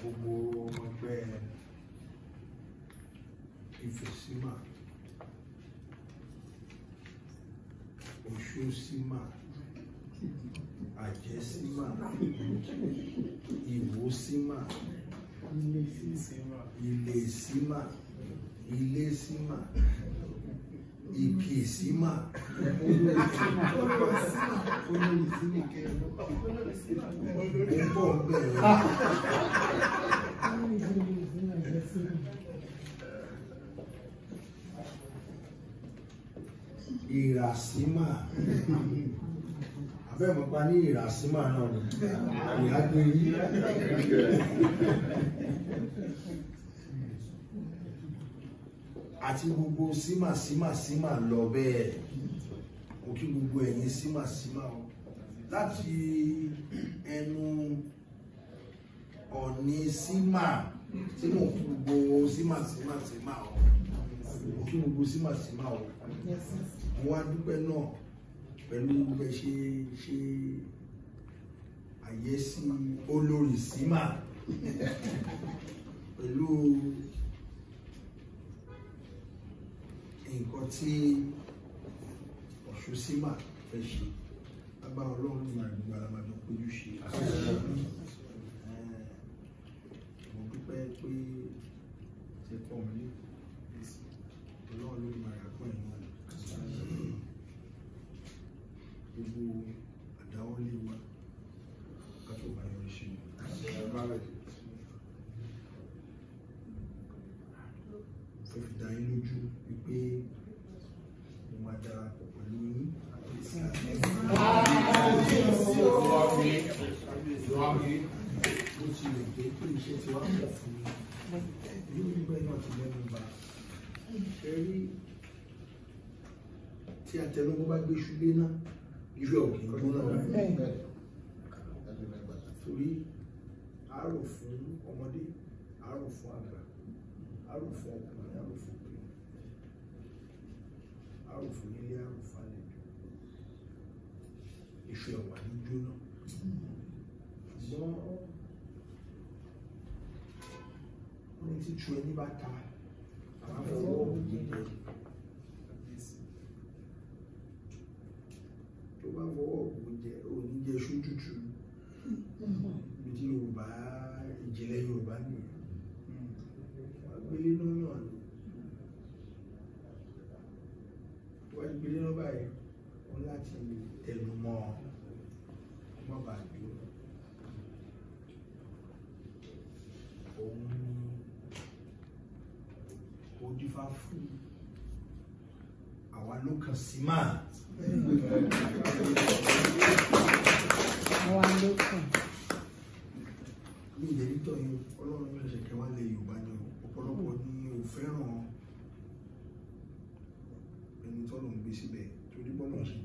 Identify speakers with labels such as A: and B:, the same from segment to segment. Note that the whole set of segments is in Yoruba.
A: gbogbo ọmọ ẹgbẹ́ ìfòsímà òṣùsímà àjẹsímà ìwòsímà ilésímà ilésímà ilésímà ìkè símà olórí símà ó bọ̀ bẹ́ẹ̀. ìràsímà abẹ́mọ̀ pa ní ìràsímà náà ni ìyá gbé yí àti gbogbo símàsímàsímà lọ bẹ́ẹ̀ mo kí gbogbo ẹ̀yin símàsímà o láti ẹnu ọ̀ní símà tí mo kí gbogbo símàsímàsímà o mo kí gbogbo símàsímà o mo wá dúpẹ́ náà pẹ̀lú bẹ́ ṣe ṣe àyẹ́sí olórí símà pẹ̀lú. nǹkan tí ọ̀ṣun símà fẹ́ ṣe agbára ọlọ́run ní màrí gbogbo alamajọ péjú ṣe mo dúpẹ́ pé ṣe pọ̀ mí ọlọ́run ló ní màrí àpọ̀ gbogbo. darapọ̀ pẹ̀lú yín. bó ti lè jẹ́ pé iṣẹ́ ti wá pọ̀ fún mi lórí bẹ́ẹ̀ náà ti lẹ́nu bá ẹ rí tí àtẹnugbó bá gbé ṣubé náà irú ọ̀gbìn gbóná torí àárò fún ọmọdé àárò fún àgbà àárò fún ọkùnrin àárò fún àròfò nílé àròfò àlejò iṣu ẹ̀wà ní jóná ṣùgbọ́n ní títú ẹni bá ta àbáfọwọ́ ògùnjẹ tó bá fọwọ́ ògùnjẹ ògùnjẹ ṣú tútù bí ti Yorùbá ìjìnlẹ̀ Yorùbá nìyẹn wàá gbélé náà ni. mọ́ ọ mọ́ba jó òun ni òdìfà fún àwa ló kàn sí máa. àwa ló kàn. ní ìdẹ́rítọ̀ yìí ọlọ́run yóò ṣẹ̀kẹ́ wá lé yorùbá ni ọ̀pọ̀lọpọ̀ ni ò fẹ́ràn ẹni tọ́lọ̀ ń gbé síbẹ̀ torí bọ́lọ̀ ṣe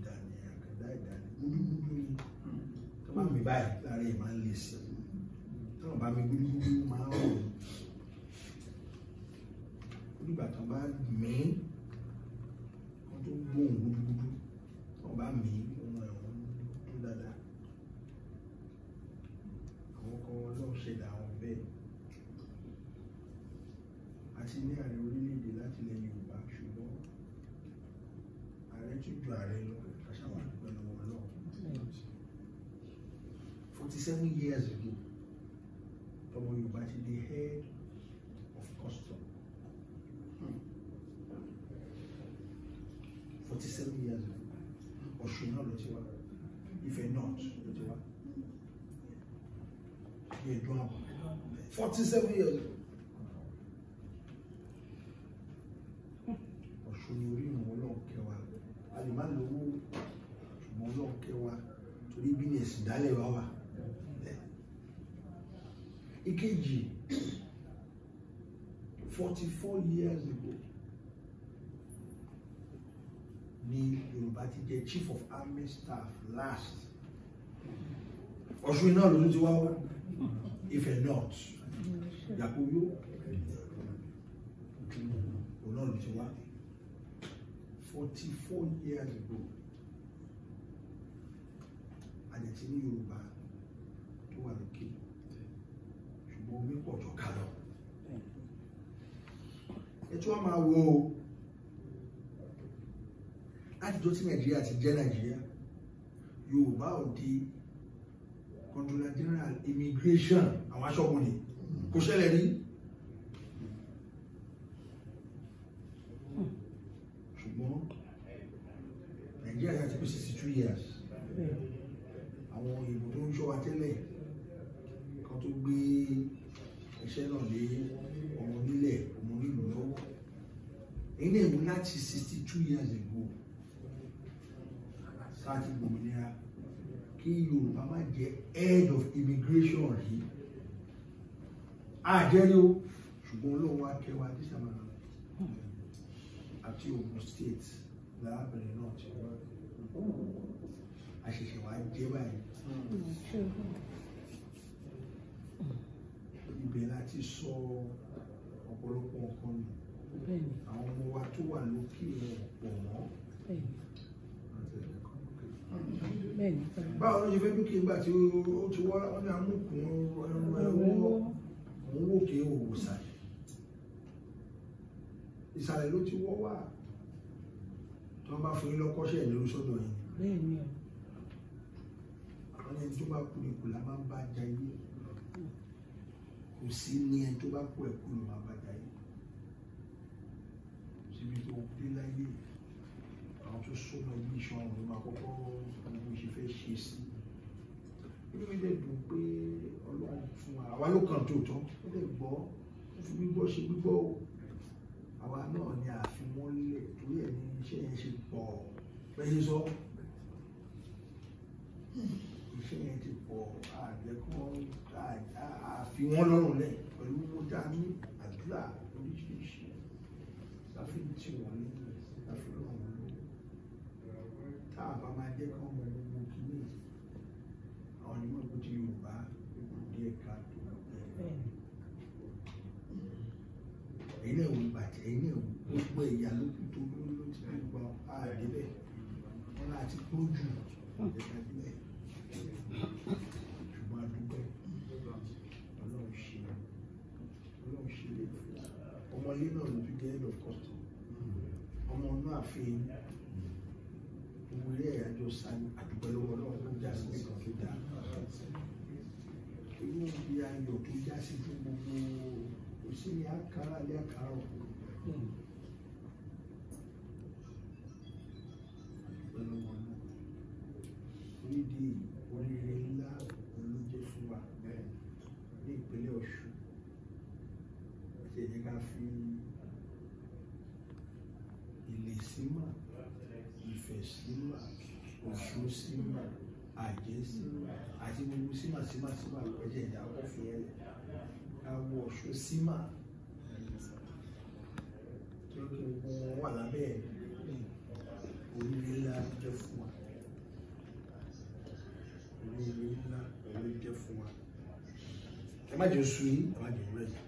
A: má mi báyìí láàárẹ̀ máa ń lè sí táwọn bá mi gbúgbúgbú máa ń rò nígbà tó bá mí wọ́n tó gbóhùn gbúgbúgbú tó bá mí ọmọ ẹ̀wọ̀n tó dáadáa àwọn kan ọlọ́run ṣe dà wọ́n bẹ́ẹ̀ àti ní ààrẹ orílẹ̀-èdè láti ilẹ̀ Yorùbá ṣùgbọ́n ààrẹ tún ju ààrẹ lọ ká ṣàwọn ọlọ́run. 47 years ago from Yorùbá ti the head of custom Forty-seven years ago or should not ló ti If you're not, ló you wá ní ẹ̀dùn Forty-seven years ago Ọ̀ṣun ni orí ìrànwọ́ Ọlọ́run kẹwàá a lè má lówó ṣùgbọ́n Ọlọ́run kẹwàá torí bí ní ẹ̀sìn dálẹ̀ wá wà ìkejì forty four years ago ni Yorùbá ti jẹ chief of army staff last Ọ̀ṣun iná lòdún ti wá wá Ifẹ̀ not, Yakubu òun náà ló ti wá forty four years ago àdẹ̀tí ní Yorùbá gbogbo wípọ̀ jọ ká lọ ẹ tí wọ́n máa wo àtijọ́ tí nàìjíríà ti jẹ́ nàìjíríà yorùbá ò di controller general immigration àwọn aṣọ́kùnrin kò ṣẹlẹ̀ rí ṣùgbọ́n nàìjíríà yà ti pé sixty two years àwọn òyìnbó tó ń ṣọ́ wa tẹ́lẹ̀ kan tó gbé iṣẹ́ náà lé ọmọ nílẹ̀ ọmọ nílù lọ́wọ́ èyí náà mú láti sixty two years ago láti gbòmìnira kí Yorùbá má jẹ head of immigration yìí àjẹrí o ṣùgbọ́n Ọlọ́run wa kẹwàá Addis Ababa àti Ogun State lábẹ̀rẹ̀ náà ti wá àṣẹ̀ṣẹ̀ wá jẹ́ báyìí. Hmm, ibẹ̀ láti sọ ọ̀pọ̀lọpọ̀ nǹkan nù àwọn ọmọ wa tó wà lókè ọ̀pọ̀ mọ́. báwo ló ṣe fẹ́ dúkìá nígbà tí ó ti wá wọn ní amúkùn ẹ̀wọ́ òun wòkè òwò sàlẹ̀ ìsàlẹ̀ ló ti wọ́ wà tí wọ́n bá fún yín lọ́kọ́ṣẹ́ ìlú sọ́dọ̀ yìí. àwọn ẹni tó bá kú ni kù la máa ń bá ja ilé kò sí ní ẹni tó bá kú ẹ kú máa bá dáyé síbi tó dé láyé àwọn tó sọmọ ẹbí iṣan ọ̀hún ló máa gbogbo ìṣe fẹ́ ṣe sí inú mi dẹ̀ dùn pé ọlọ́run fún wa àwa ló kàn tó tán ó lè gbọ́ ó fi gbígbọ́ ṣe gbígbọ́ o àwa náà ni àfimọ́ lẹ̀ torí ẹ̀ ní iṣẹ́ yẹn ṣe pọ̀ pẹ́yì sọ iṣẹ́ yẹn ti pọ̀ àjẹkọ́ àfi wọ́n lọ ní àdúrà oríṣiríṣi láfi tí wọ́n ní láfi ràn wọ́n lọ́wọ́ tá a bá máa jẹ́ kán wọ́n gbogbo kìíní àwọn onímọ̀ tó ti Yorùbá gbogbo díẹ̀ ká tó lọ́pẹ́ ẹ̀yin náà wò bàjẹ́ ẹ̀yin náà wò gbogbo ẹ̀yà ló kú tó ló ti gbogbo ààrẹ bẹ́ẹ̀ wọ́n láti kúrò jù lọ́pẹ́ yín náà ló fi dé end of court ọmọ náà àfihàn owó ilé ìyájọ́ sani àdúgbò lọ́wọ́ náà ló já sí nìkan tó dáa inú bí ayọ̀ tó já sí fún gbogbo òsínì àkàrà lé àkàrà ọ̀pọ̀ onídìí sima. mà ìfẹ́ sí sima. òṣù sí mà àjẹ́ sí mà àti gbogbo símà símà símà lọ́jọ́ ìjà kọfìn ẹ̀ káwọ ọ̀ṣọ́ símà tó kí gbogbo wọn wà lábẹ́ ẹ̀ oríire ńlá jẹ́ fún wa oríire ńlá jẹ́ fún wa ẹ má jẹ́ sùn yín ẹ má jẹ́ rẹ̀ yìí.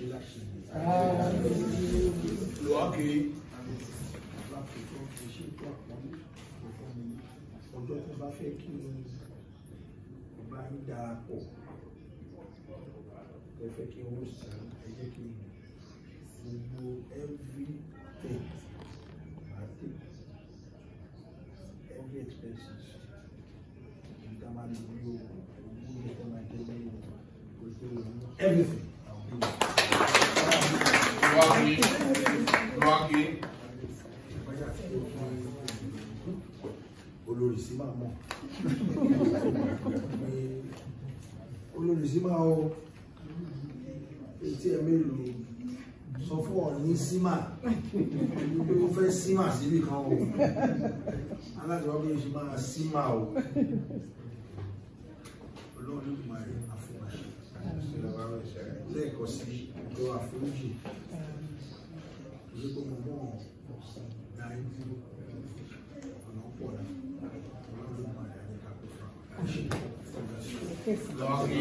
A: lò á kiri. ọjọ́ tó bá fẹ́ kí ọba ń darapọ̀ ẹ fẹ́ kí wọ́n sàn ẹ jẹ́ kí gbogbo every. olórí sí máa mọ̀ olórí sí máa ọ etí ẹ mélòó sọ fún ọ ní símà pé ó fẹ́ símà síbì kan o alájọba bí o ṣe máa símà o ọlọ́run máa rí àfúnmáṣe lẹ́ẹ̀kan sí ìjọ àforíjì ìlú gbọmọgbọmọ dáa ní ọ̀nà pọ̀ náà. Logo.